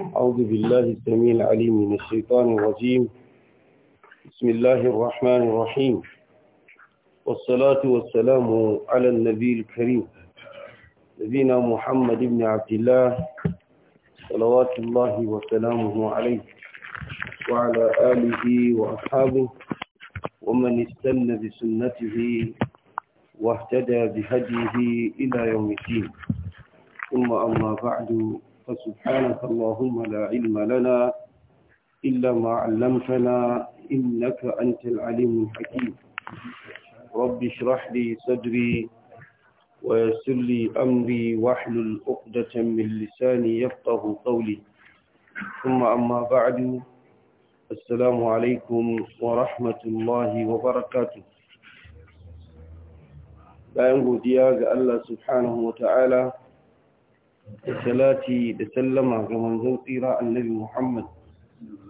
أعوذ بالله السميع العليم من الشيطان الرجيم بسم الله الرحمن الرحيم والصلاة والسلام على النبي الكريم نبينا محمد بن عبد الله صلوات الله وسلامه عليه وعلى آله وأصحابه ومن استنى بسنته واهتدى بهديه إلى يوم الدين ثم أما بعد فسبحانك اللهم لا علم لنا إلا ما علمتنا إنك أنت العليم الحكيم رب اشرح لي صدري ويسر لي أمري واحلل عقدة من لساني يفقه قولي ثم أما بعد السلام عليكم ورحمة الله وبركاته bayan godiya ga Allah subhanahu wa ta'ala salati da sallama ga manzon tsira annabi Muhammad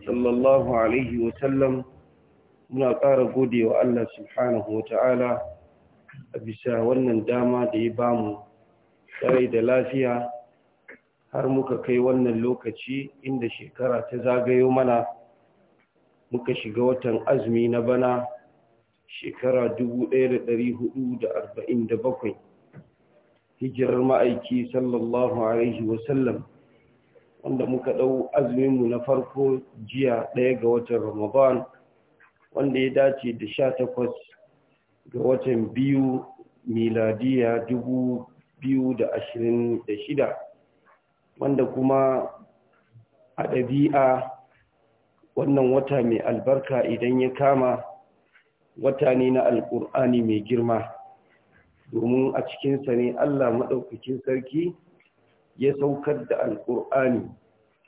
sallallahu alaihi wa sallam muna ƙara gode wa Allah subhanahu wa ta'ala a bisa wannan dama da ya bamu tare da lafiya har muka kai wannan lokaci inda shekara ta zagayo mana muka shiga watan azumi na bana shekara 1447 hijirar ma'aiki sallallahu alaihi wasallam wanda muka ɗau azuminmu na farko jiya ɗaya ga watan ramadan wanda ya dace da sha takwas ga watan biyu miladiya dubu biyu da ashirin da shida wanda kuma a ɗabi'a wannan wata mai albarka idan ya kama wata ne na alƙur'ani mai girma domin a cikinsa ne Allah maɗaukakin sarki ya saukar da alƙur'ani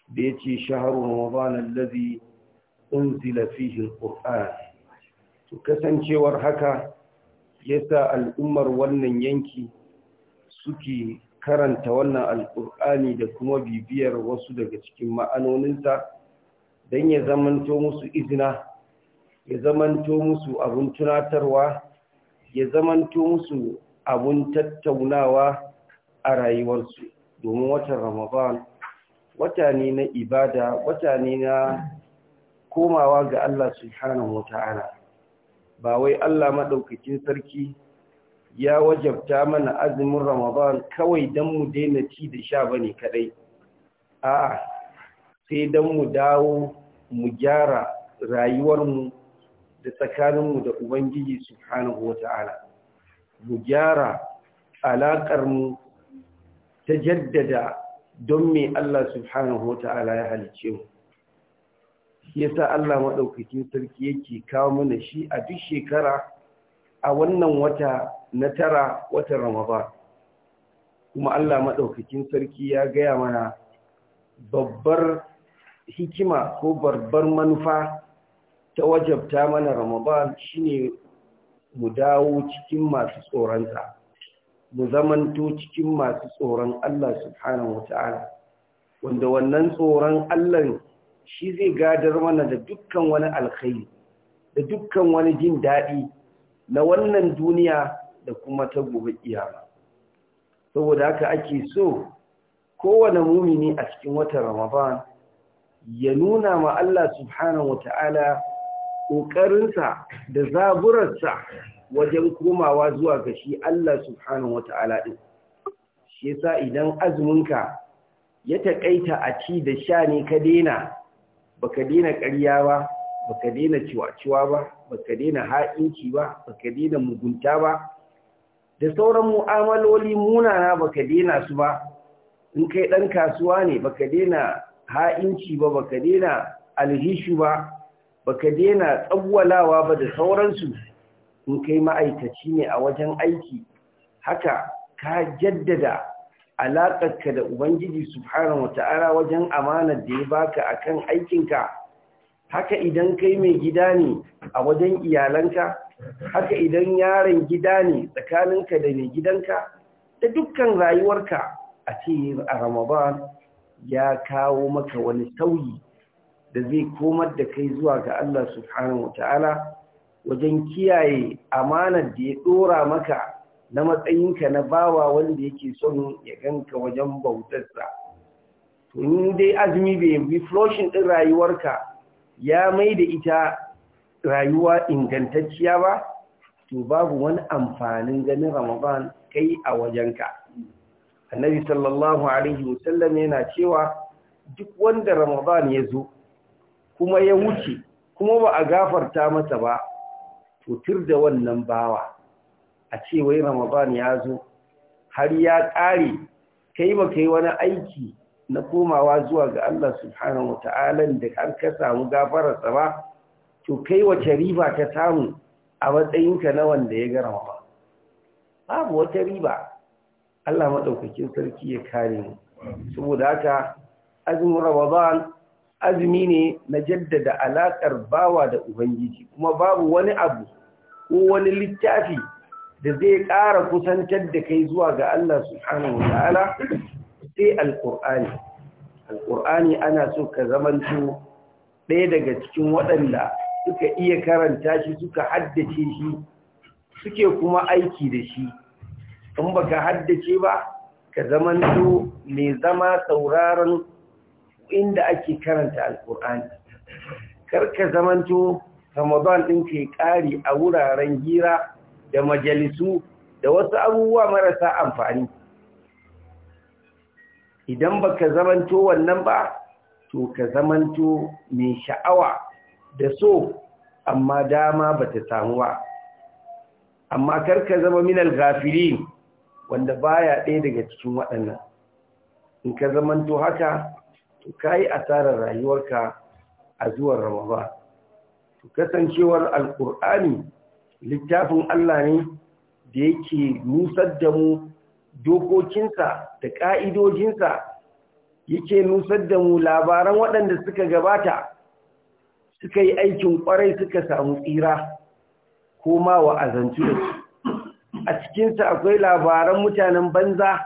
da ya ce shaharun ramadan allazi unzila fihi alqur'an to kasancewar haka yasa al'ummar wannan yanki suke karanta wannan alqur'ani da kuma bibiyar wasu daga cikin ma'anoninsa dan ya zamanto musu izina ya zamanto musu abun tunatarwa ya zamanto musu abun tattaunawa a rayuwarsu domin watan ramadan wata ne na ibada wata ne na komawa ga Allah subhanahu ta'ala ba wai Allah madaukakin sarki ya wajabta mana azumin ramadan kawai don mu daina ci da sha bane kadai a'a sai don mu dawo mu gyara rayuwarmu da tsakaninmu da ubangiji subhanahu ta'ala mu gyara alaƙarmu ta jaddada don me Allah subhanahu wa ta'ala ya halice mu yasa Allah maɗaukakin sarki yake kawo mana shi a duk shekara a wannan wata na tara watan Ramadan kuma Allah maɗaukakin sarki ya gaya mana babbar hikima ko babbar manufa ta wajabta mana Ramadan shine mu dawo cikin masu tsoronsa mu zamanto cikin masu tsoron Allah subhanahu wata'ala wanda wannan tsoron Allah shi zai gadar mana da dukkan wani alkhairi da dukkan wani jin daɗi na wannan duniya da kuma ta gobe kiyama saboda haka ake so kowane mumini a cikin watan Ramadan ya nuna ma Allah subhanahu wata'ala ƙoƙarinsa da zaburarsa wajen komawa zuwa ga shi Allah subhanahu ta’ala ɗin. Shi yasa idan azuminka ya taƙaita a ci da sha ne ka daina, ka daina ƙarya ba, ba ka daina ciwaciwa ba, ba ka daina ha'inci ba, ba ka daina mugunta ba, da sauran mu'amaloli munana ba ka daina su ba, in kai ɗan kasuwa ne ba ka daina ha'inci ba, ba ka daina alhishu ba, baka daina tsawwalawa ba da sauransu in kai ma'aikaci ne a wajen aiki haka ka jaddada ka da ubangiji subhanahu wata'ala wajen amanar da ya baka a akan aikinka haka idan kai mai gida ne a wajen iyalanka haka idan yaron gida ne tsakaninka da mai gidanka da dukkan rayuwarka a ce a ramadan ya kawo maka wani sauyi da zai komar da kai zuwa ga Allah subhanahu wa ta'ala wajen kiyaye amanar da ya ɗora maka na matsayinka na bawa wanda yake son ya ganka wajen bautarsa. Tunin dai azumi bai bi floshin ɗin rayuwarka ya mai da ita rayuwa ingantacciya ba, to babu wani amfanin ganin Ramadan kai a wajenka. Annabi sallallahu Alaihi wasallam yana cewa duk wanda Ramadan ya zo, kuma ya wuce kuma ba a gafarta masa ba tutur da wannan bawa a ce wai ramadan ya zo har ya ƙare kai ba kai wani aiki na komawa zuwa ga Allah subhanahu ta'ala da har ka samu gafararsa ba to kai wace riba ka samu a matsayinka na wanda ya gara ba babu wata riba Allah maɗaukakin sarki ya kare mu saboda haka azumin Ramadan azumi ne na jaddada alaƙar bawa da ubangiji kuma babu wani abu ko wani littafi da zai ƙara kusantar da kai zuwa ga Allah subhanahu ta'ala sai al'kur'ani alƙur'ani ana so ka zamanto ɗaya daga cikin waɗanda suka iya karanta shi suka haddace shi suke kuma aiki da shi in baka haddace ba ka zamanto mai zama sauraron inda ake karanta alkur'ani karka zamanto ramadan din ke ƙari a wuraren hira da majalisu da wasu abubuwa marasa amfani idan baka zamanto wannan ba to ka zamanto mai sha'awa da so amma dama bata samu ba amma karka zama minal gafiri wanda baya ɗaya daga cikin waɗannan in ka zamanto haka to yi asarar rayuwarka a zuwan ramaba to kasancewar alkur'ani littafin Allah ne da yake nusar da mu dokokinsa da ƙa'idojinsa yake nusar da mu labaran waɗanda suka gabata suka yi aikin ƙwarai suka samu tsira ko ma wa azantu da su a cikinsa akwai labaran mutanen banza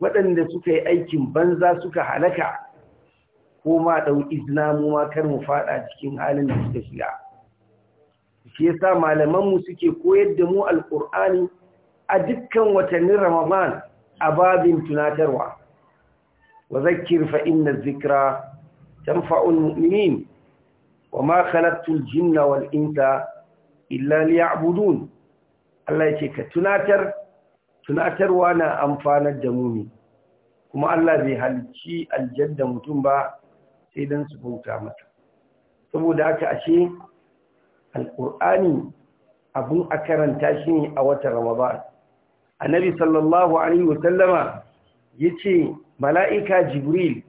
waɗanda suka yi aikin banza suka halaka ko ma ɗau islamu ma kar mu faɗa cikin halin da suka shiga shi yasa malamanmu suke koyar da mu alƙur'ani a dukkan watannin ramadan a babin tunatarwa wa zakkir na zikira zikra tanfa'ul wa ma kalattun jinna wal insa illa liya'budun Allah yake ka tunatar tunatarwa na amfanar da mumi kuma Allah bai halicci aljadda mutum ba sai don su bauta mata saboda haka ashe alƙur'ani abun a karanta shi ne a watan ramadan annabi sallallahu alaihi wasallama ya ce mala'ika jibril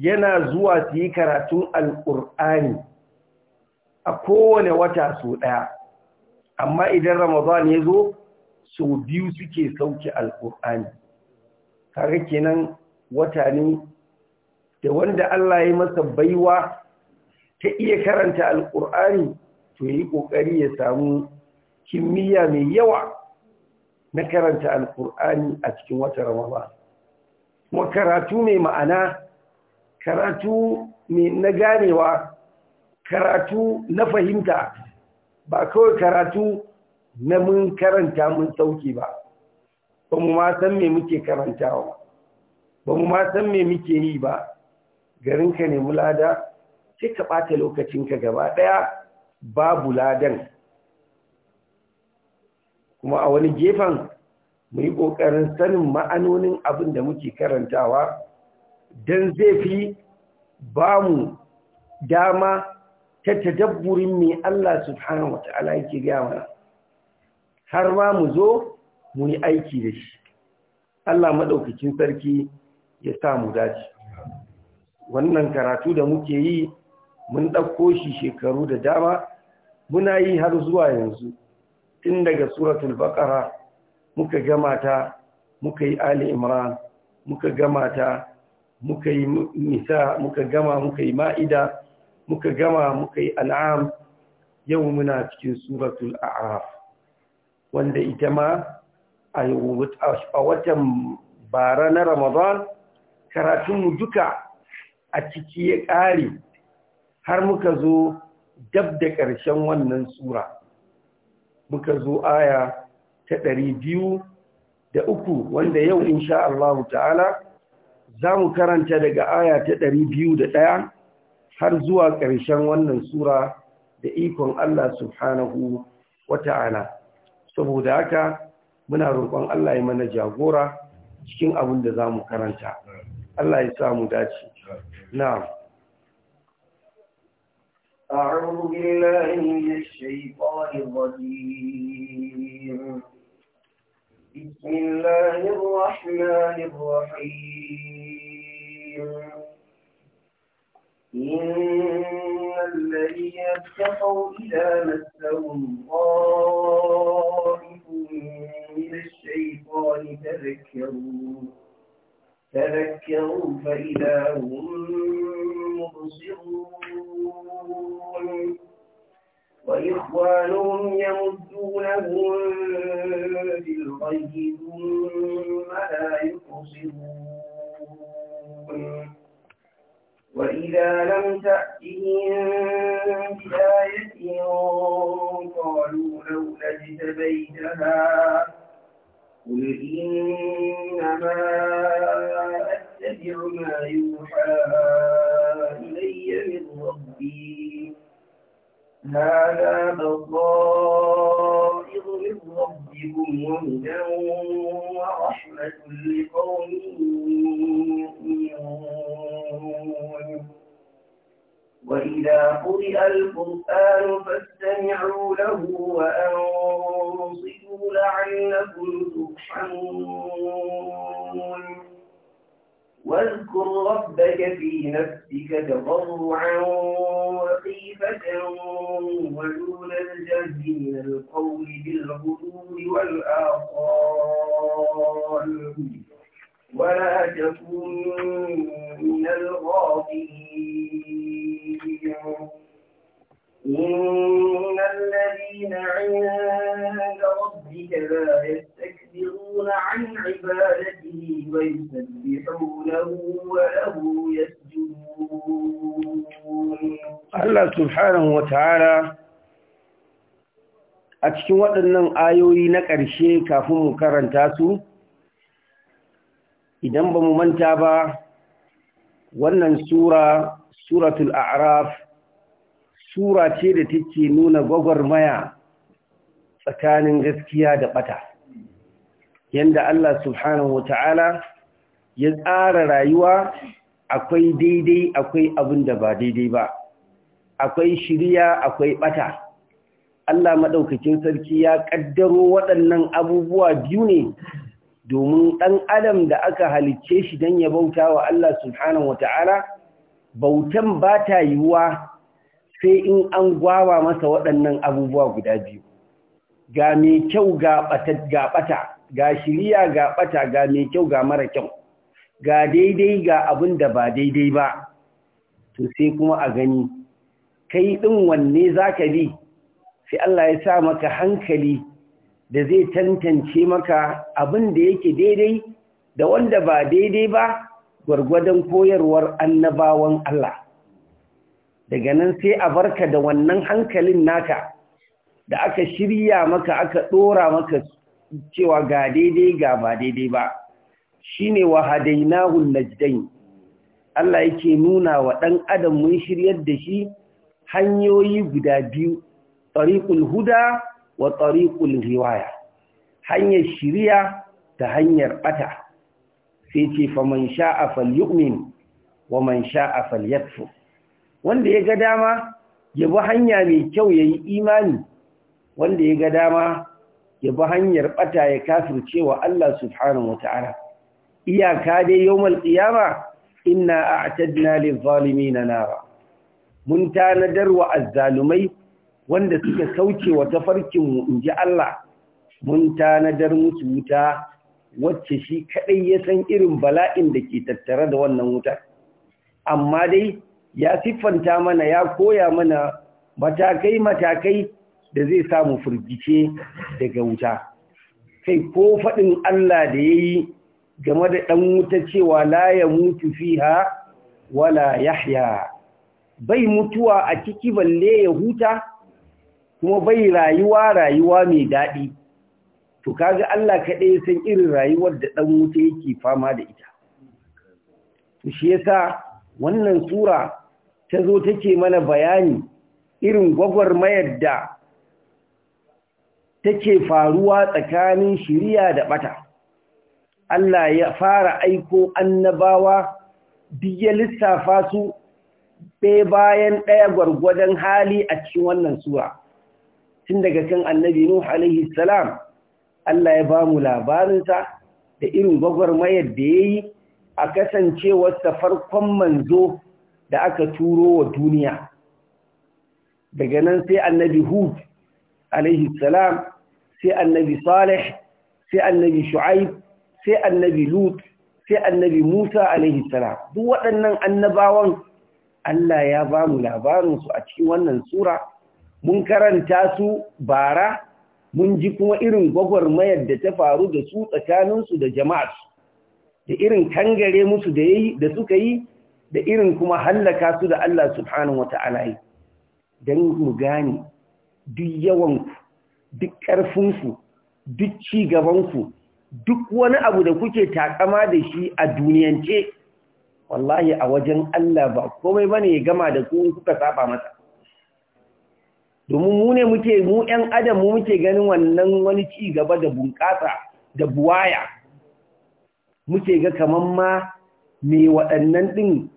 yana zuwa su yi karatun alƙur'ani a kowane wata sau ɗaya amma idan ramadan ya zo sau biyu suke sauke alƙur'ani kaga kenan wata ne da wanda Allah ya masa baiwa ta iya karanta alƙur'ani to yi ƙoƙari ya samu kimiyya mai yawa na karanta alƙur'ani a cikin wata ramaba kuma karatu mai ma'ana karatu mai na ganewa karatu na fahimta ba kawai karatu na mun karanta mun sauki ba ba mu ma san me muke karantawa ba mu ma san me muke yi ba garin ka mu lada sai ka ɓata lokacinka gaba ɗaya babu ladan kuma a wani gefen mu yi ƙoƙarin sanin ma'anonin abin da muke karantawa don zai fi ba mu dama ta tadabburin mai Allah subhanahu wa yake gaya mana har ma mu zo mu yi aiki da shi Allah maɗaukacin sarki ya sa mu dace wannan karatu da muke yi mun ɗauko shi shekaru da dama muna yi har zuwa yanzu tun daga suratul baqara muka gama ta muka yi ali imran muka gama ta muka yi nisa muka gama muka yi ma'ida muka gama muka yi al'am, yau muna cikin suratul a'raf wanda ita ma a watan bara na ramadan karatunmu duka a ciki ya ƙare har muka zo dab da ƙarshen wannan sura muka zo aya ta ɗari biyu da uku wanda yau insha Allah ta'ala za mu karanta daga aya ta ɗari biyu da ɗaya har zuwa ƙarshen wannan sura da ikon Allah subhanahu wa ta'ala saboda haka muna roƙon Allah ya mana jagora cikin abin da za mu karanta Allah ya samu dace نعم أعوذ بالله من الشيطان الرجيم بسم الله الرحمن الرحيم إن الذين اتقوا إذا مسهم طائف من الشيطان تذكروا تذكروا فإذا هم مبصرون وإخوانهم يمدونهم الغي ثم لا يقصرون وإذا لم تأتهم بآية قالوا لولا اجتبيتها قل إنما أتبع ما يوحى إلي من ربي هذا بصائر من ربكم وهدى ورحمة لقوم يؤمنون وإذا قرئ القرآن فاستمعوا له وأنصتوا لعلكم تطحنون واذكر ربك في نفسك تضرعا وخيفة ودون الجهد من القول بالغدو والآصال ولا تكن من الغافلين إن الذين عند ربك لا يستكبرون عن عبادته ويسبحونه وله يسجدون الله سبحانه وتعالى a cikin waɗannan ayoyi na ƙarshe kafin mu karanta su idan ba mu manta ba wannan sura suratul a'raf sura ce da take nuna gwagwarmaya tsakanin gaskiya da bata yanda Allah subhanahu wata'ala ya tsara rayuwa akwai daidai akwai abin da ba daidai ba akwai shirya, akwai bata Allah madaukakin sarki ya kaddaro waɗannan abubuwa biyu ne domin ɗan adam da aka halicce shi don ya bauta wa Allah subhanahu wata'ala bautan ba ta yiwuwa sai in an gwawa masa waɗannan abubuwa guda biyu ga mai kyau ga ɓata ga shiriya ga ɓata ga mai kyau ga mara kyau ga daidai ga abin da ba daidai ba to sai kuma a gani kai ɗin wanne za ka bi sai Allah ya sa maka hankali da zai tantance maka abin da yake daidai da wanda ba daidai ba gwargwadon koyarwar annabawan Allah daga nan sai a barka da wannan hankalin naka da aka shirya maka aka ɗora maka cewa ga daidai ga ba daidai ba shine wa hadainahun najdain Allah yake nuna wa ɗan adam mun shiryar da shi hanyoyi guda biyu tariqul huda wa tariqul riwaya hanyar shiriya ta hanyar bata sai ce fa man sha'a falyu'min wa man sha'a falyakfur wanda ya ga dama ya bi hanya mai kyau ya yi imani wanda ya ga dama ya bi hanyar bata ya kafirce wa Allah subhanahu wata'ala iyaka dai yawmal qiyama inna a'tadna lil zalimin nara mun tanadar wa azzalumai wanda suka kauce wa tafarkin mu inji Allah mun tanadar musu wuta wacce shi kaɗai ya san irin bala'in da ke tattare da wannan wuta amma dai ya siffanta mana ya koya mana matakai-matakai da zai samu firgice daga wuta kai ko faɗin Allah da ya yi game da ɗan wuta cewa la ya mutu fiha wala yahya bai mutuwa a ciki balle ya huta kuma bai rayuwa rayuwa mai daɗi to kaga Allah kaɗai san irin rayuwar da ɗan wuta yake fama da ita shi yasa wannan sura ta zo take mana bayani irin gwagwarmayar da take faruwa tsakanin shirya da bata Allah ya fara aiko annabawa ya lissafa su bai bayan ɗaya gwargwadon hali a cikin wannan suwa tun daga kan annabi Nuh alaihi salam Allah ya ba mu labarinsa da irin gwagwarmayar da yi a kasancewarsa farkon manzo da aka turo wa duniya daga nan sai annabi hud alaihi salam sai annabi salih sai annabi shu'aib sai annabi lut sai annabi musa alaihi salam duk waɗannan annabawan Allah ya ba mu su a cikin wannan sura mun karanta su bara mun ji kuma irin gwagwarmayar da ta faru da su tsakaninsu da jama'arsu da irin kangare musu da suka yi da irin kuma hallaka su da Allah subhanahu wa ta'ala yi don mu gane duk yawanku duk ƙarfinku duk cigabanku duk wani abu da kuke takama da shi a duniyance wallahi a wajen Allah ba komai bane ya gama da ku kuka saba masa domin mu ne muke mu 'yan adam mu muke ganin wannan wani ci gaba da bunƙasa da buwaya muke ga kaman ma me waɗannan ɗin.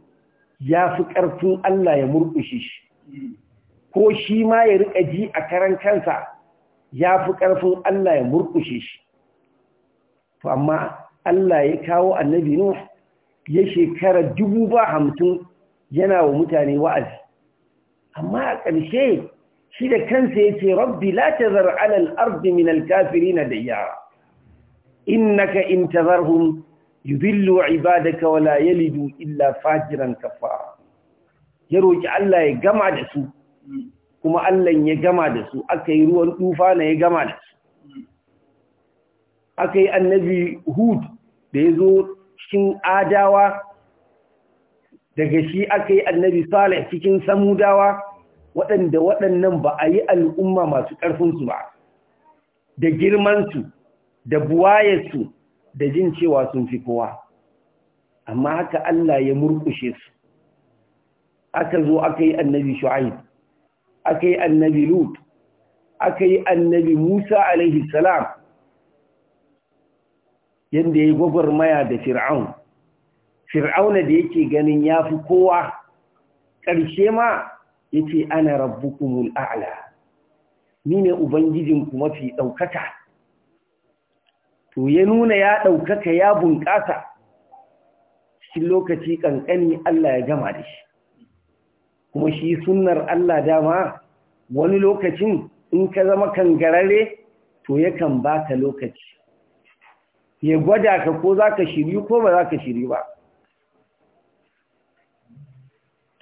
ya fi ƙarfin Allah ya murƙushe shi ko shi ma ya riƙa ji a karan kansa ya fi ƙarfin Allah ya murƙushe shi to amma Allah ya kawo annabi Nuh ya shekara dubu ba hamsin yana wa mutane wa'azi amma a ƙarshe shi da kansa ya ce rabbi la tazar ala al-ardi da al in naka innaka in yudhillu ibadaka wala yalidu illa fajiran kafara ya roki Allah ya gama da su kuma Allah ya gama da su aka yi ruwan tufa na ya gama da su aka yi annabi hud da ya zo cikin adawa daga shi aka yi annabi salih cikin samudawa waɗanda waɗannan ba a yi al'umma masu ƙarfinsu ba da girmansu da buwayarsu da jin cewa sun fi kowa amma haka Allah ya murkushe su aka zo aka yi annabi shu'aib aka yi annabi lut aka yi annabi musa alaihi salam yadda ya yi gwagwarmaya da fir'aun fir'auna da yake ganin ya fi kowa ƙarshe ma ya ce ana rabbukumul a'la ni ne ubangijinku mafi ɗaukata? to ya nuna ya ɗaukaka ya bunƙasa cikin lokaci ƙanƙani Allah ya gama da shi kuma shi sunnar Allah dama wani lokacin in ka zama kan kangarare to yakan ka lokaci ya gwada ka ko za ka shiryu ko ba za ka shiryu ba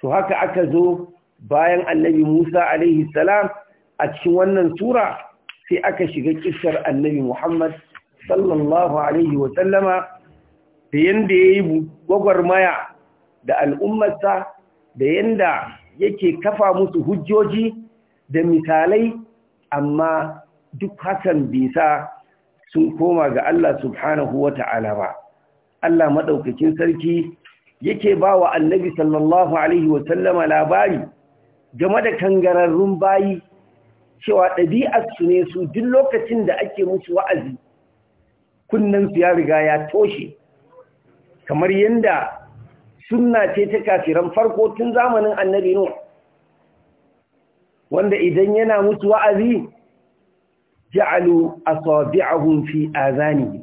to haka aka zo bayan annabi Musa alaihi a cikin wannan tura sai aka shiga kishar annabi Muhammad sallallahu alaihi wa sallama da yanda yayi gwagwarmaya da al'ummarsa da yanda yake kafa musu hujjoji da misalai amma duk hakan sa sun koma ga Allah subhanahu wa ta'ala ba Allah madaukakin sarki yake ba wa annabi sallallahu alaihi wa sallama labari game da kangararrun bayi cewa su ne su duk lokacin da ake musu wa'azi kunnensu ya riga ya toshe kamar yadda sunna ce ta kafiran farko tun zamanin annabi nuh wanda idan yana musu wa'azi ja'alu asabi'ahum fi azani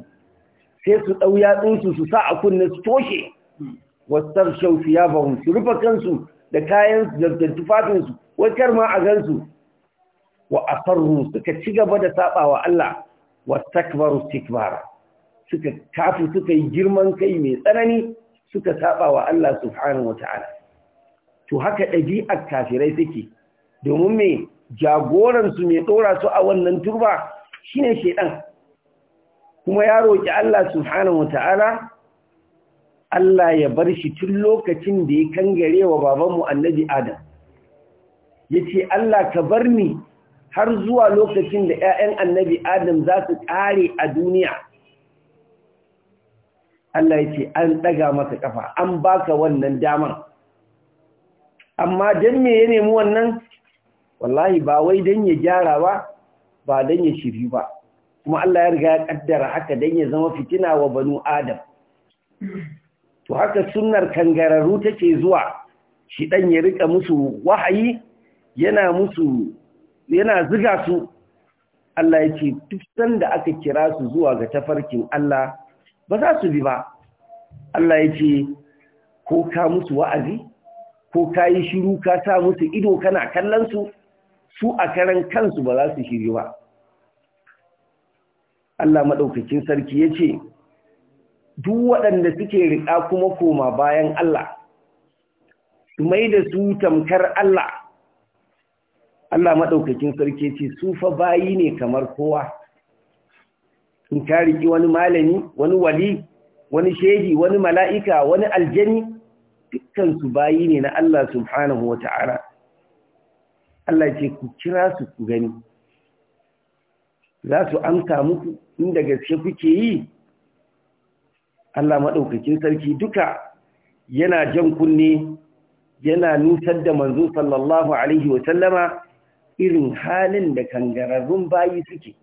sai su dau yatsunsu su sa a kunne su toshe wastarshaw thiyabahum su rufa kansu da kayan su da tufafin su ma a gansu wa asarru suka ci gaba da sabawa Allah wa takbaru tikbara suka tafi suka yi girman kai mai tsanani suka saba wa Allah subhanahu wata'ala to haka ɗabi'ar kafirai suke domin mai jagoransu mai ɗora su a wannan turba shine shedan kuma ya roƙi Allah subhanahu wata'ala Allah ya bar shi tun lokacin da ya kangare wa babanmu annabi Adam yace Allah ka bar ni har zuwa lokacin da ‘ya'yan annabi Adam za su kare a duniya’ Allah ya ce an ɗaga masa ƙafa an baka wannan damar amma don me ya nemi wannan wallahi ba wai don ya gyara ba ba don ya shiri ba kuma Allah ya riga ya ƙaddara haka don ya zama fitina wa banu adam to haka sunnar kangararru take zuwa shi ɗan ya rika musu wahayi yana musu yana ziga su Allah ya ce duk sanda aka kira su zuwa ga tafarkin Allah ba za su bi ba Allah ya ce ko ka musu wa'azi ko ka yi shiru ka sa musu ido kana kallonsu su a karan kansu ba za su shiri ba Allah maɗaukakin sarki ya ce duk waɗanda suke riƙa kuma koma bayan Allah su mai da su tamkar Allah Allah maɗaukakin sarki ya ce su fa bayi ne kamar kowa in ka riki wani malami wani wali wani shehi wani mala'ika wani aljani dukkan bayi ne na Allah subhanahu wa ta'ala Allah ce ku kira su ku gani za su amsa muku inda gaske kuke yi Allah maɗaukakin sarki duka yana jan kunne yana nusar da manzo sallallahu alaihi wa sallama irin halin da kangararrun bayi suke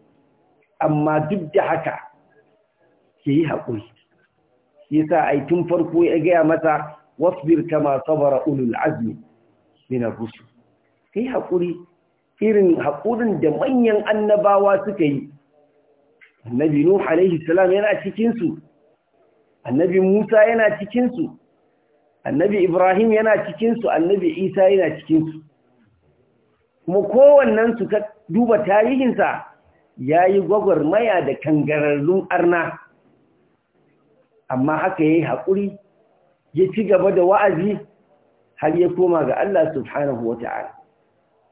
amma duk da haka ke yi haƙuri ya sa aikin farko ya gaya mata wasbir kama sabara ulul azmi min rusu Ka yi haƙuri irin haƙurin da manyan annabawa suka yi annabi nuh alaihi salam yana cikinsu. annabi musa yana cikinsu. annabi ibrahim yana cikinsu. annabi isa yana cikinsu. kuma kowannensu ka duba tarihinsa ya yi gwagwar maya da kangararrun arna amma haka ya yi haƙuri ya ci gaba da wa'azi har ya koma ga Allah subhanahu wa ta'ala.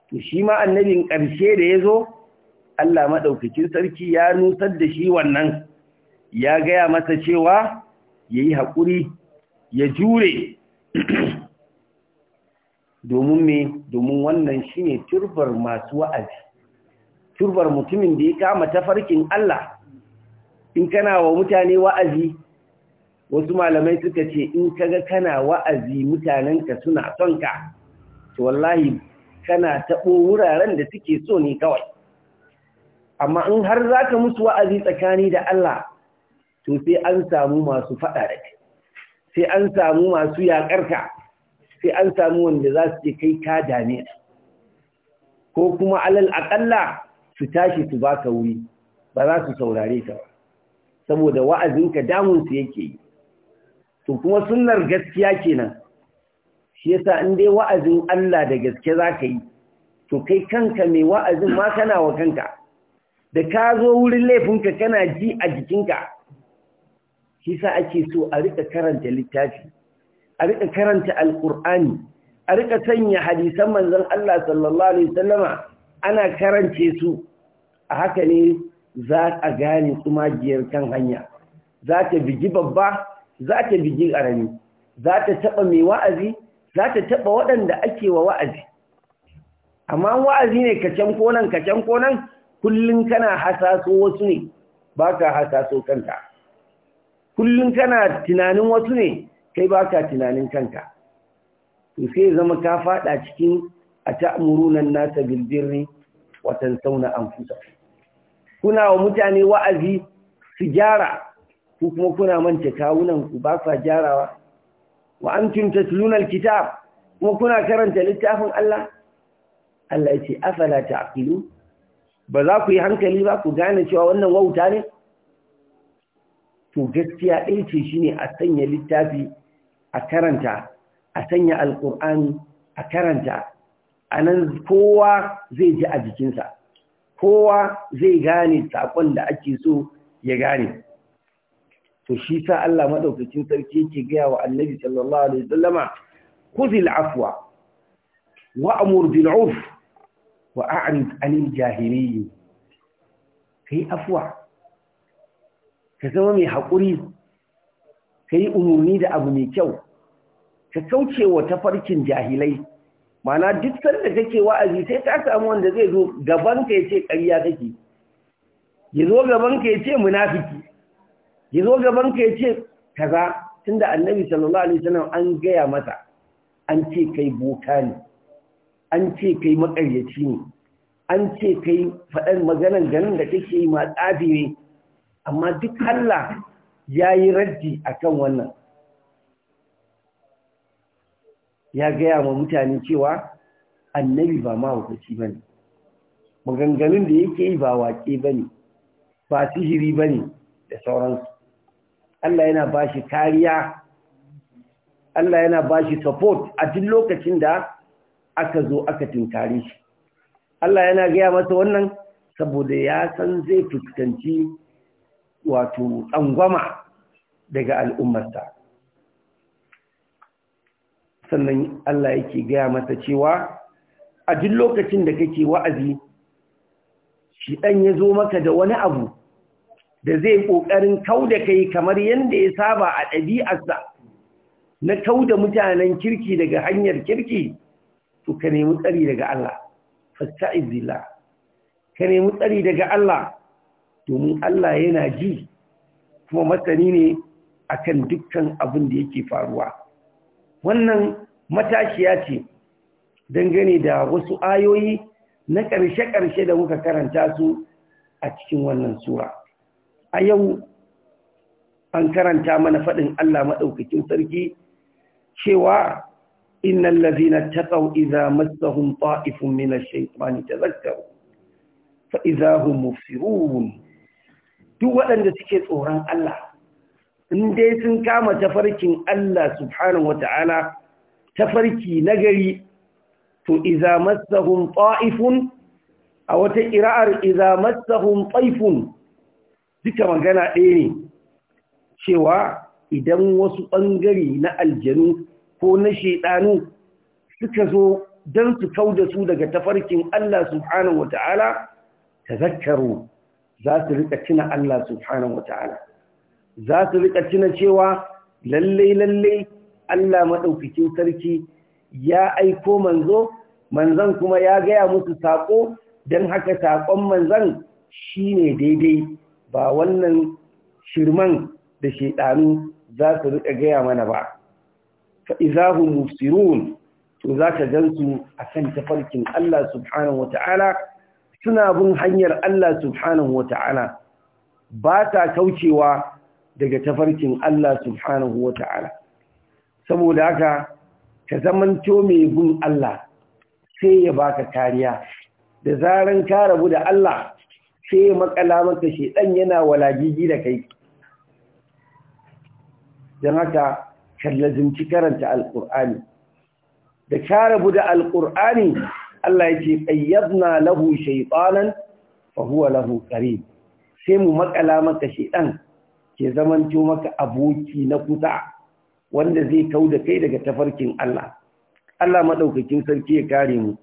To shi ma annabin ƙarshe da ya zo, Allah maɗaukacin sarki ya nusar da shi wannan, ya gaya masa cewa ya yi haƙuri, ya jure, domin me, domin wannan shi ne turbar masu wa'azi. turbar mutumin da ya kama tafarkin Allah in kana wa mutane wa'azi wasu malamai suka ce in kaga kana wa'azi mutanenka suna son ka to wallahi kana taɓo wuraren da suke so ne kawai amma in har zaka musu wa'azi tsakani da Allah to sai an samu masu faɗa da kai sai an samu masu yaƙarka sai an samu wanda za su ce kai ka dame ko kuma alal aƙalla su tashi su baka wuri ba za su saurare ka ba saboda wa'azinka damun su yake yi to kuma sunnar gaskiya kenan shi yasa in dai wa'azin Allah da gaske zaka yi to kai kanka mai wa'azin ma kana wa kanka da ka zo wurin laifinka kana ji a jikinka shi sa ake so a rika karanta littafi a rika karanta Alƙur'ani, a riƙa sanya hadisan manzon Allah sallallahu alaihi wasallama ana karance su a haka ne za a gane tsumagiyar kan hanya za ta bigi babba za ta bigi ƙarami za ta taɓa mai wa'azi za ta taɓa waɗanda ake wa wa'azi amma wa'azi ne kacen konan kacen konan kullum kana hasaso wasu ne ba ka hasaso kanka kullum kana tunanin wasu ne kai ba ka tunanin kanka to sai zama ka faɗa cikin a nan nasa bilbirni watansauna anfusakum kuna wa mutane wa'azi su gyara ku kuma kuna manta kawunan ku ba sa gyarawa wa antum tatluna alkitab kuma kuna karanta littafin Allah Allah yace afala ta'qilu ba za ku yi hankali ba ku gane cewa wannan wauta ne to gaskiya ɗaya ce shine a sanya littafi a karanta a sanya alqur'ani a karanta a nan kowa zai ji a jikinsa kowa zai gane saƙon da ake so ya gane to shi sa Allah maɗaukacin sarki yake gaya wa annabi sallallahu alaihi wasallama kuzil afwa wa amur bil urf wa a'rid anil jahiliyyi kai afwa ka zama mai haƙuri ka yi umarni da abu mai kyau ka kauce wa tafarkin jahilai mana duk sanda kake wa'azi sai ka samu wanda zai zo gaban ka yace ƙarya kake ya zo gaban ka yace munafiki ya zo gaban ka yace kaza tunda annabi sallallahu alaihi wasallam an gaya masa an ce kai boka ne an ce kai makaryaci ne an ce kai faɗan maganan ganin da kake yi ma tsafi ne amma duk Allah ya yi raddi akan wannan ya gaya wa mutane cewa annabi ba mahaukaci ba ne maganganun da yake yi ba waƙe ba ne ba sihiri ba ne da sauransu Allah yana ba shi kariya Allah yana ba shi support a duk lokacin da aka zo aka tunkare shi Allah yana gaya masa wannan saboda ya san zai fuskanci wato tsangwama daga al'ummarsa sannan Allah yake gaya masa cewa a duk lokacin da kake wa'azi shi ɗan ya zo maka da wani abu da zai ƙoƙarin kau da kai kamar yadda ya saba a ɗabi'arsa na kau da mutanen kirki daga hanyar kirki to ka nemi tsari daga Allah fasta'iz billah ka nemi tsari daga Allah domin Allah yana ji kuma masani ne akan dukkan abin da yake faruwa wannan matashiya ce dangane da wasu ayoyi na ƙarshe-ƙarshe da muka karanta su a cikin wannan sura a yau an karanta mana faɗin Allah maɗaukakin sarki cewa innal ladhina taqaw idza massahum ta'ifun min ash-shaytani tadhakkaru fa idza hum duk waɗanda suke tsoron Allah in dai sun kama tafarkin Allah subhanahu wata'ala tafarki nagari to iza massahum ta'ifun a wata ira'ar iza massahum taifun duka magana ɗaya ne cewa idan wasu ɓangare na aljanu ko na shaidanu suka zo don su kau da su daga tafarkin Allah subhanahu wata'ala tazakkaru za su rika tuna Allah subhanahu wata'ala za su rika tuna cewa lallai lallai Allah maɗaukacin sarki ya aiko manzo manzon kuma ya gaya musu saƙo don haka saƙon shi ne daidai ba wannan shirman da shaiɗanu za su rika gaya mana ba fa'izahu mufsirun to za ka gansu a kan tafarkin Allah subhanahu wa ta'ala suna bin hanyar Allah subhanahu wa ta'ala ba ta kaucewa daga tafarkin Allah subhanahu wa ta'ala. Saboda haka, ka zamanto mai gun Allah sai ya baka kariya, da zaran ka rabu da Allah sai ya makala maka ɗan yana walagigi da kai. Don haka, kallazimci karanta Al'ur'ani. Da ka rabu da Al'ur'ani, Allah ya ce, ƙayyazna lahu shaiɓanan, huwa lahu ƙari, sai mu makala maka ɗan. ke zamanto maka aboki na kusa wanda zai kau da kai daga tafarkin Allah Allah madaukakin sarki ya kare mu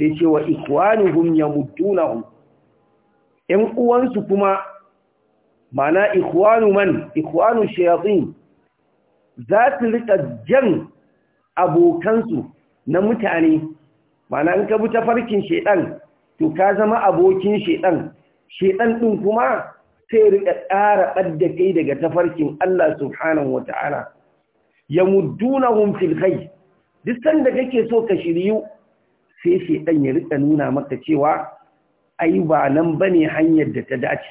sai ce wa ikwanuhum yamutunahum ɗan uwansu kuma mana ikwanu man ikwanu shayatin za su riƙa jan abokansu na mutane mana in ka bi tafarkin shaidan to ka zama abokin shaidan shaidan ɗin kuma sai riƙa ƙara ɓadda kai daga tafarkin Allah subhanahu wa ta'ala ya muddunahum fil kai, duk sanda kake so ka shiryu sai Dan ya rika nuna maka cewa ai ba nan bane hanyar da ta dace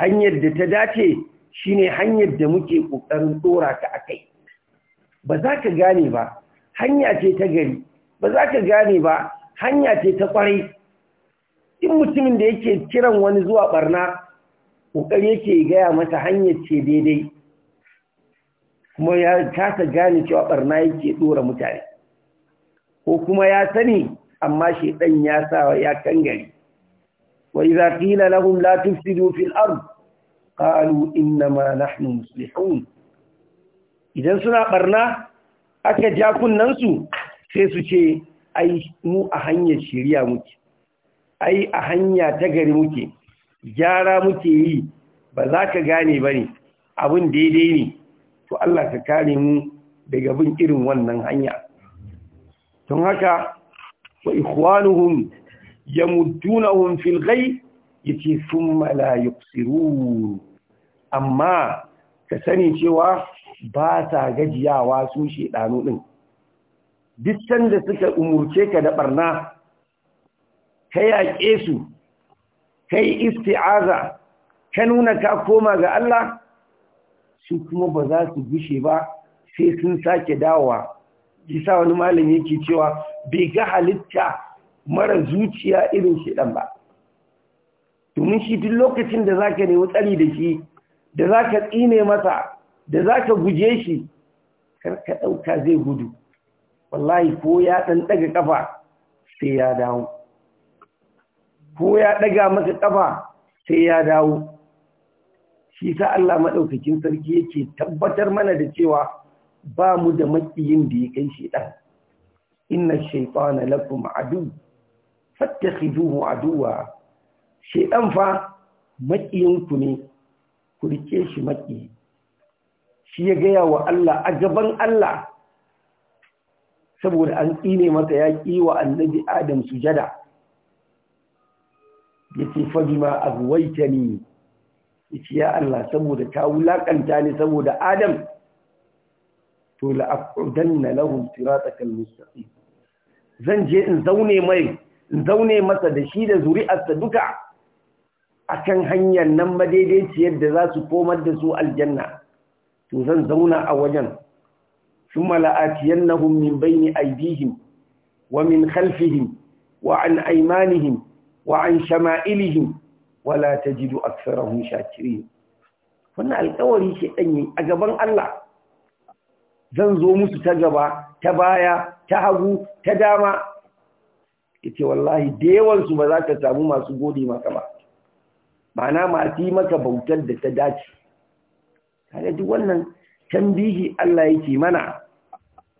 hanyar da ta dace shine hanyar da muke ƙoƙarin dora ka kai. ba za ka gane ba hanya ce ta gari ba za ka gane ba hanya ce ta in mutumin da yake kiran wani zuwa ɓarna. ƙoƙari yake gaya mata hanyar ce daidai kuma ya kasa gane cewa barna yake ɗora mutane ko kuma ya sani amma shi ɗan ya sa ya kangare wa iza qila lahum la tufsidu fil ard qalu inna ma nahnu muslihun idan suna barna aka ja kunnan sai su ce ai mu a hanyar shari'a muke ai a hanya ta gari muke gyara muke yi ba za ka gane ba ne abin daidai ne to Allah ka kare mu daga bin irin wannan hanya Tun haka wa ikhwanuhum yamuddunahum fil ghay yace thumma la yubsirun amma ka sani cewa ba ta gajiyawa su shaidanu ɗin. duk sanda suka umurce ka da ɓarna ka yaƙe su kai isti'aza ka nuna ka koma ga Allah su kuma ba za su gushe ba sai sun sake dawowa sa wani malam yake cewa bai ga halitta mara zuciya irin shi dan ba domin shi duk lokacin da zaka nemi tsari da shi da zaka tsine masa da zaka guje shi kar ka ɗauka zai gudu wallahi ko ya dan daga kafa sai ya dawo ko ya ɗaga masa ƙafa sai ya dawo shi sa Allah maɗaukakin sarki yake tabbatar mana da cewa ba mu da maƙiyin da ya kai shi ɗan inna shaitana lakum adu fattakhiduhu aduwa ɗan fa maƙiyinku ku ne ku rike shi maƙi shi ya gaya wa Allah a gaban Allah saboda an ƙi ne masa ya ƙi wa annabi Adam sujada yace fa bima aghwaytani yace ya Allah saboda ta wulakanta ni saboda Adam to la na lahum siratakal mustaqim zan je in zaune mai in zaune masa da shi da zuri'arsa duka kan hanyar nan madaidaiciyar da za su komar da su aljanna to zan zauna a wajen thumma na min bayni aibihim, wa min khalfihim wa an aymanihim wa an shama'ilihim wala tajidu aktsarahum shakirin wannan alƙawari ce danyi a gaban Allah zan zo musu ta gaba ta baya ta hagu ta dama yace wallahi da su ba za ka samu masu gode maka ba ma'ana masu yi maka bautar da ta dace kaga duk wannan tambihi Allah yake mana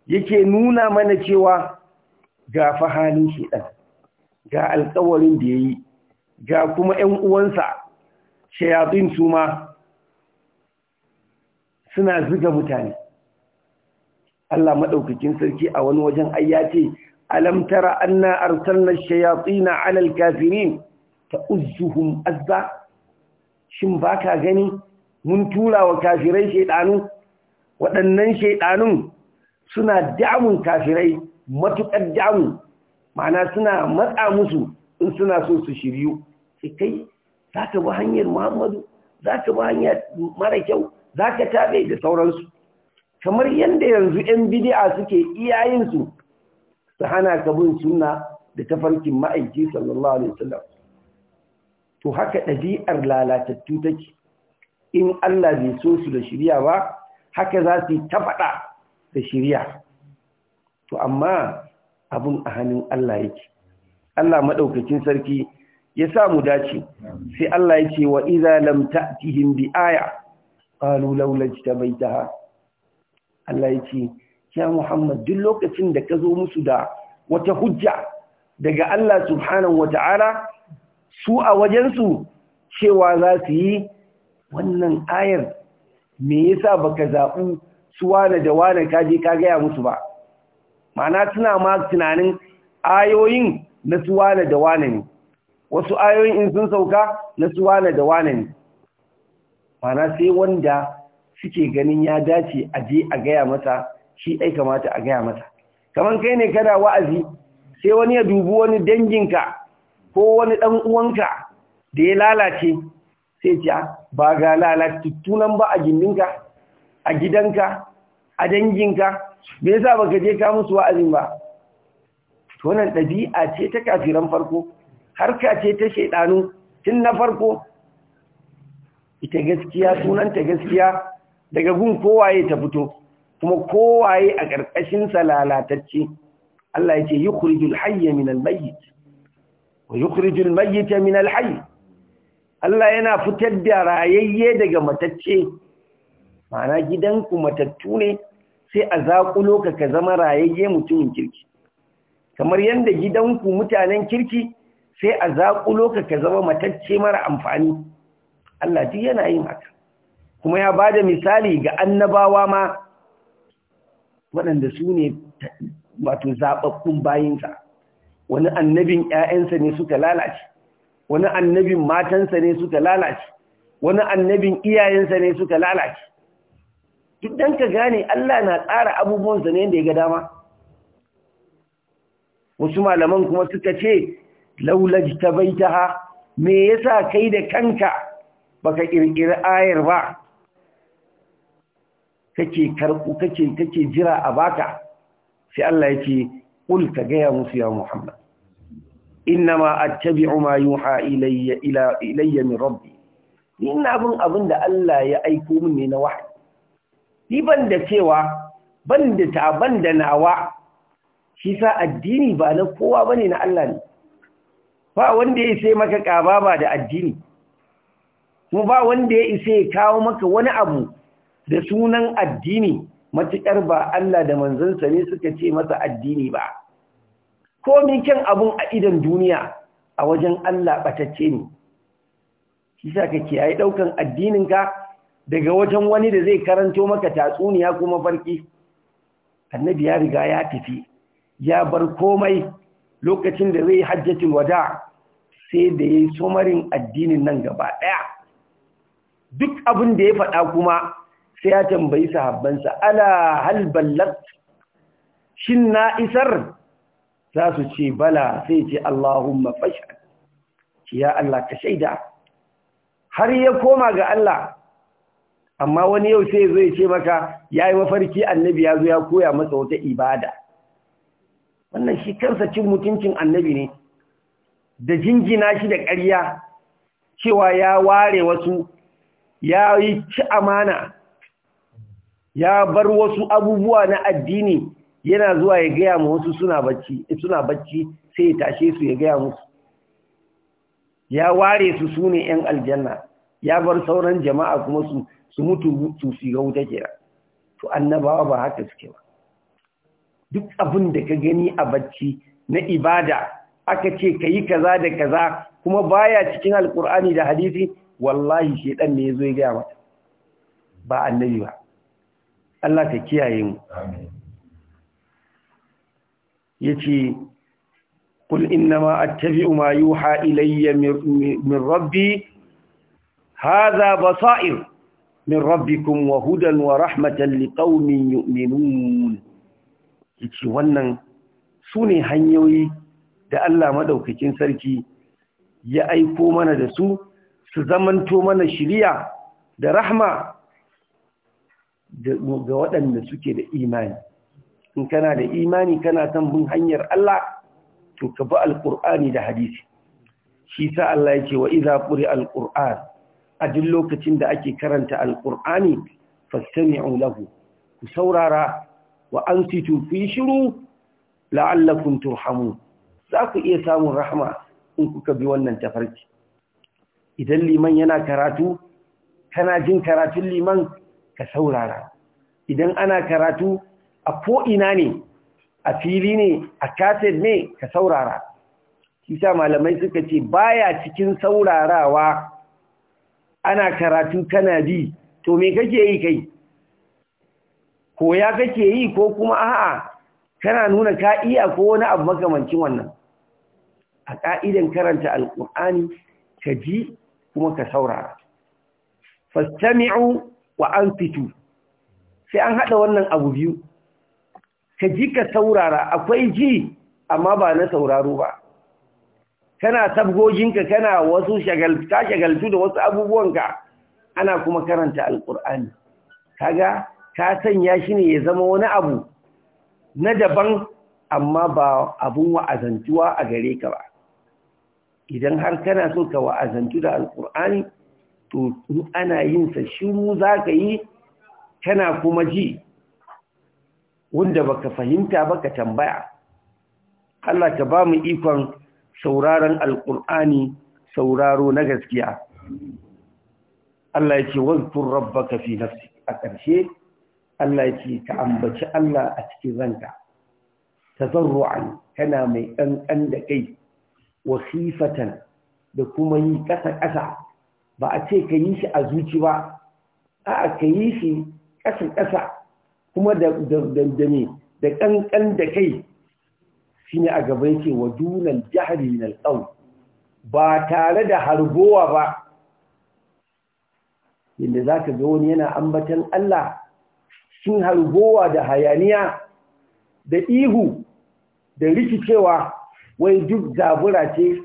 yake nuna mana cewa ga fa halin shedan ga alkawarin da ya yi ga kuma ‘yan uwansa shayatun su ma suna zuga mutane Allah maɗaukakin sarki a wani wajen ayyace alamtara anna arsalna shayatina alal kafirin ta uzuhum azza shin baka gani mun tura wa kafirai shaidanu waɗannan shaidanun suna damun kafirai matuƙar damun. ma'ana suna matsa musu in suna so su shiryu sai kai za ka bi hanyar muhammadu za ka bi hanyar mara kyau za ka tabe da sauransu kamar yadda yanzu 'yan bidi'a suke iyayensu su hana ka bin suna da tafarkin ma'aiki sallallahu alaihi wasallam to haka ɗabi'ar lalatattu take in Allah bai so su da shirya ba haka za su yi ta faɗa da shirya to amma abun a hannun Allah yake Allah maɗaukacin sarki ya sa mu dace sai Allah yake wa iza lam ta'tihim bi aya bai ta ha. Allah yake ya Muhammad duk lokacin da ka zo musu da wata hujja daga Allah subhanahu Ta'ala, su a wajensu cewa za su yi wannan ayar me yasa baka zaɓu su wane da wane je ka gaya musu ba ma'ana suna ma tunanin ayoyin na su da wane ne wasu ayoyin in sun sauka na su na da wane ne ma'ana sai wanda suke ganin ya dace a je a gaya mata, shi ai kamata a gaya mata. kamar kai ne kana wa'azi sai wani ya dubi wani danginka ko wani dan uwanka da ya lalace sai ce ah, ba ga lalace. tunan ba a gindinka a gidanka a danginka me yasa baka je ka musu wa'azin ba to nan dabi'a ce ta kafiran farko harka ce ta shedanu tun na farko ita gaskiya sunanta gaskiya daga gun kowaye ta fito kuma kowaye a ƙarƙashin sa lalatacce Allah yake yukhrijul hayya minal mayyit wa yukhrijul mayyita minal hayy Allah yana fitar da rayayye daga matacce ma'ana gidanku matattu ne sai a zaƙulo ka ka zama rayayye mutumin kirki kamar yadda gidanku mutanen kirki sai a zaƙulo ka ka zama matacce mara amfani Allah duk yana yin haka kuma ya ba da misali ga annabawa ma waɗanda su ne wato zaɓaɓɓun bayinsa wani annabin ‘ya'yansa ne suka lalace wani annabin matansa ne suka lalace wani annabin iyayensa ne suka lalace duk dan ka gane Allah na tsara abubuwansa ne da ya ga dama wasu malaman kuma suka ce laulaji ta baitaha me yasa kai da kanka baka kirkiri ayar ba kake karku kake kake jira a baka sai Allah yake kul ka ga musu ya Muhammad innama attabi'u ma yuha ilayya ila ilayya min rabbi ni ina bin abinda Allah ya aiko min ne na wahayi ni ban da cewa ban da ta ban da nawa shi sa addini ba na kowa ba ne na Allah ne ba wanda ya isa maka ƙaba ba da addini kuma ba wanda ya isa ya kawo maka wani abu da sunan addini matuƙar ba Allah da manzansa ne suka ce masa addini ba komi kyan abun a idan duniya a wajen Allah ɓatacce ne shi sa ka kiyaye ɗaukan addininka daga wajen wani da zai karanto maka tatsuniya kuma farki annabi ya riga ya tafi ya bar komai lokacin da zai hajjatul wada sai da ya yayi somarin addinin nan gaba daya duk abin da ya faɗa kuma sai ya tambayi sahabbansa ala hal ballat shin na isar za su ce bala sai ce Allahumma fashhad ya Allah ka shaida har ya koma ga Allah amma wani yau sai zai ce maka ya yi mafarki annabi ya zo ya koya masa wata ibada wannan shi kansa cin mutuncin annabi ne da jingina shi da ƙarya cewa ya ware wasu ya yi ci amana ya bar wasu abubuwa na addini yana zuwa ya gaya ma wasu suna bacci suna bacci sai ya tashe su ya gaya musu ya ware su sune yan aljanna ya bar sauran jama'a kuma su su mutu su shiga wuta kira to annabawa ba haka suke ba duk abin da ka gani a bacci na ibada aka ce ka yi kaza da kaza kuma baya cikin alkur'ani da hadisi wallahi shedan ne ya zo ya gaya mata ba annabi ba Allah ka kiyaye mu yace قل إنما أتبع ما يوحى إلي من ربي هذا بصائر min rabbikum wa hudan wa rahmatan liqaumin yu'minun kici wannan sune hanyoyi da Allah madaukakin sarki ya aiko mana da su su zamanto mana shiriya da rahma ga waɗanda suke da imani in kana da imani kana san bin hanyar Allah to ka bi alqur'ani da hadisi shi sa Allah yake wa idza quri alqur'an a duk lokacin da ake karanta alƙur'ani fastami'u lahu ku saurara wa ansitu fi shiru la'allakum turhamu, za ku iya samun rahma in kuka bi wannan tafarki idan liman yana karatu kana jin karatun liman ka saurara idan ana karatu a ko'ina ne a fili ne a kaset ne ka saurara kisa malamai suka ce baya cikin saurarawa ana karatu kana bi to me kake yi kai koya kake yi ko kuma a'a kana nuna ka iya ko wani abu makamancin wannan a ka'idan karanta alkur'ani ka ji kuma ka saurara fastami'u wa anfitu sai an haɗa wannan abu biyu ka ji ka saurara akwai ji amma ba na sauraro ba kana sabgoginka kana wasu ta shagaltu da wasu abubuwan ka? ana kuma karanta alkur'ani kaga ka sanya shi ne ya zama wani abu na daban amma ba abun wa'azantuwa a gare ka ba idan har kana so ka wa'azantu da alkur'ani to in ana yin sa shiru za ka yi kana kuma ji wanda baka fahimta baka tambaya Allah ka ba mu ikon sauraron alƙur'ani sauraro na gaskiya Allah ya ce Rabba rabbaka fi nafsi a ƙarshe Allah ya ce ka ambaci Allah a cikin ranka tazarru'an kana mai ƙanƙan da kai wasifatan da kuma yi ƙasa ƙasa ba a ce ka yi shi a zuci ba a'a ka yi shi ƙasa ƙasa kuma da da da ƙanƙan da kai shine a gaba yake wa dunal jahri min al ba tare da hargowa ba yadda za ka ga wani yana ambatan Allah sun hargowa da hayaniya da ihu da rikicewa wai duk zabura ce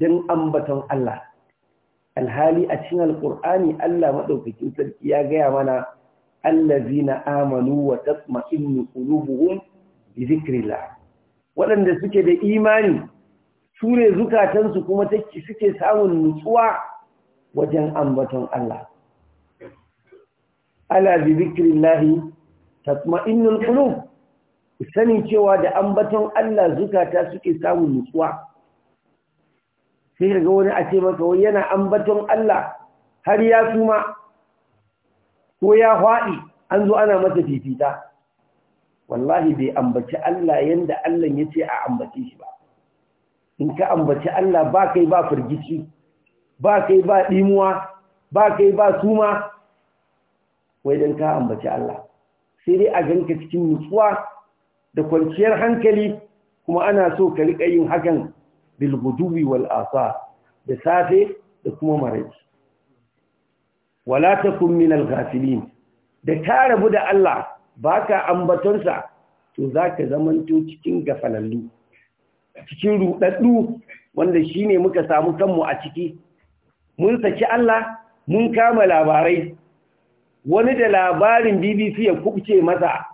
don ambatan Allah alhali a cikin Alƙur'ani, Allah maɗaukakin sarki ya gaya mana allazina amanu wa tasma'innu qulubuhum bi zikrillah waɗanda suke da imani su ne zukatansu kuma suke samun nutsuwa wajen ambaton Allah ala bi zikrillahi tatma'innul qulub sani cewa da ambaton Allah zukata suke samun nutsuwa sai ga wani a ce maka wai yana ambaton Allah har ya suma ko ya faɗi an zo ana masa fifita wallahi bai ambaci Allah yanda Allah ya ce a ambace shi ba in ka ambaci Allah ba kai ba firgici ba kai ba ɗimuwa, ba kai ba suma wai dan ka ambaci Allah sai dai a ganka cikin nutsuwa da kwanciyar hankali kuma ana so ka riƙa yin hakan bilgudubi wal asa da safe da kuma maraji wala takun min al da ka rabu da Allah ba ka ambatonsa to za ka zamanto cikin gafanallu, cikin ruɗaɗɗu wanda shi ne muka samu kanmu a ciki mun saki Allah mun kama labarai wani da labarin bbc ya kubce masa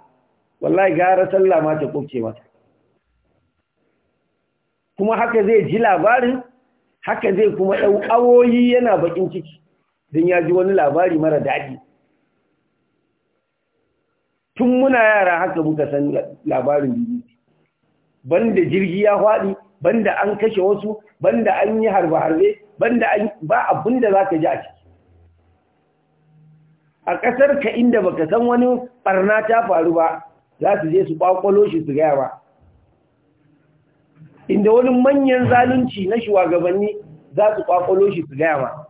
wallahi gara sallah ma ta kubce masa kuma haka zai ji labarin haka zai kuma ɗau yana bakin ciki don ya ji wani labari mara daɗi tun muna yara haka muka san labarin jirgi. banda jirgi ya faɗi banda an kashe wasu banda an yi harbe-harbe banda an ba abin da za ji a ciki a ƙasar ka inda baka san wani ɓarna ta faru ba za su je su bakwalo shi su gaya ba inda wani manyan zalunci na shugabanni za su ƙwaƙwalo shi su gaya ba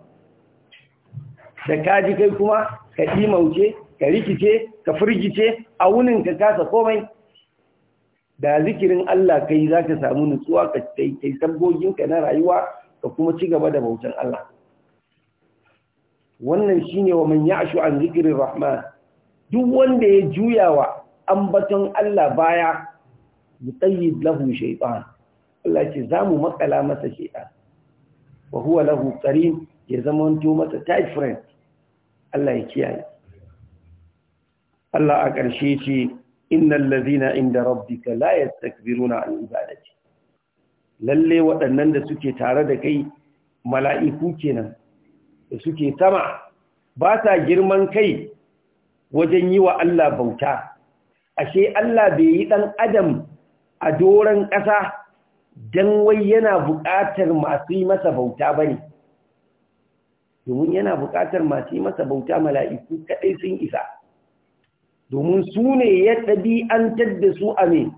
da kaji kai kuma ka ɗimauce ka rikice ka firgice a wunin ka kasa komai da zikirin Allah kai za ka samu nutsuwa ka kai sabgoginka na rayuwa ka kuma ci gaba da bautan Allah wannan shine wa man ya'shu an zikirin rahman duk wanda ya juya juyawa ambaton Allah baya yutayyid lahu shaytan Allah ce zamu makala masa shaytan wa huwa lahu qarin ya zamanto masa tight friend Allah ya kiyaye Allah a ƙarshe ce innan lazina inda rabbika la yastakbiruna an ibadati lalle waɗannan da suke tare da kai mala'iku kenan da suke sama ba sa girman kai wajen yi wa Allah bauta ashe Allah bai yi ɗan adam a doron ƙasa don wai yana buƙatar masu yi masa bauta ba ne domin yana buƙatar masu yi masa bauta mala'iku kaɗai sun isa domin su ne ya ɗabi'antar da su a ne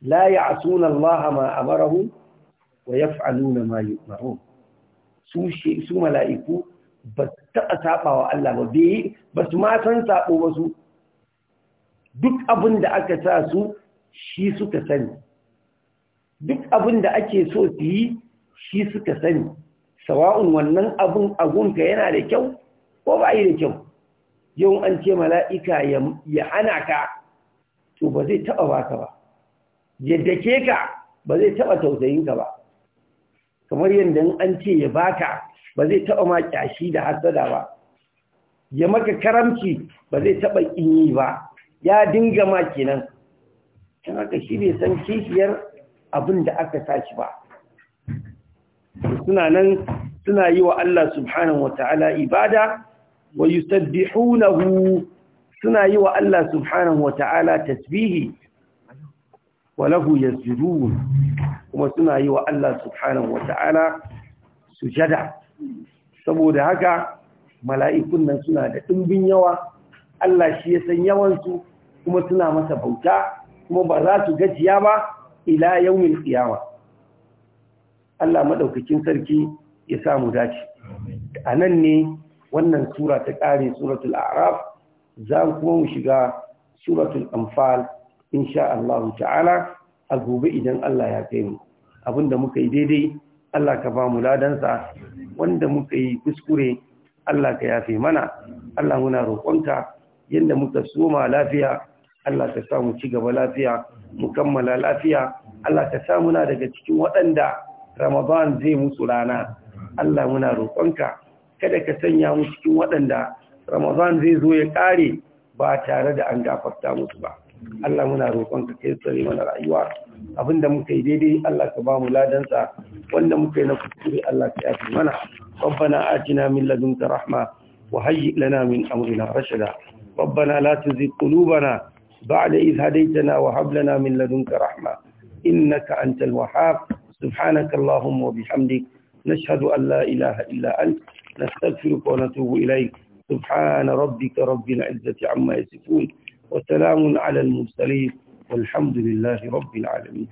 la ya asuna Allah ma marahu, wa yaf'aluna ma su su mala'iku ba taɓa saɓawa Allah ba bai ba su ma san saɓo ba su duk abin da aka sa su shi suka sani duk abin da ake so su yi shi suka sani sawa'un wannan abin agunka yana da kyau ko ba yi da kyau yau an ce mala'ika ya hana ka to ba zai taɓa baka ba yadda ke ka ba zai taɓa ka ba kamar yadda an ce ya baka ba zai taɓa ma ƙyashi da hasada ba ya maka karamci ba zai taɓa ƙinyi ba ya dinga ma kenan can haka shi bai san kishiyar abin da aka tashi ba suna nan suna yi wa Allah subhanahu wa ta'ala ibada wa yusabbihunahu suna yi wa Allah subhanahu wa ta'ala tasbihi wa lahu yasjudun kuma suna yi wa Allah subhanahu wa ta'ala sujada saboda haka mala'ikun nan suna da ɗimbin yawa Allah shi ya san yawansu kuma suna masa bauta kuma ba za su gajiya ba ila yaumin qiyawa Allah madaukakin sarki ya samu dace anan ne wannan sura ta ƙare suratul araf za kuma mu shiga suratul anfal insha Allah ta'ala a gobe idan Allah ya kai mu abinda muka yi daidai Allah ka ba mu ladansa wanda muka yi kuskure Allah ka yafe mana Allah muna roƙonka yanda muka soma lafiya Allah ka sa mu ci gaba lafiya mu kammala lafiya Allah ka sa muna daga cikin waɗanda Ramadan zai musu rana Allah muna roƙonka kada ka sanya mu cikin waɗanda Ramadan zai zo ya ƙare ba tare da an gafarta musu ba. Allah muna roƙon ka kai tsari mana rayuwa abinda muka yi daidai Allah ka ba mu ladansa wanda muka yi na kuskure Allah ka yafi mana rabbana atina min ladunka rahma wa hayyi lana min amrina rashada rabbana la tuzigh qulubana ba'da idh hadaytana wa hab lana min ladunka rahma innaka antal wahhab subhanaka allahumma wa bihamdik nashhadu an la ilaha illa نستغفرك ونتوب إليك سبحان ربك رب العزة عما يصفون وسلام على المرسلين والحمد لله رب العالمين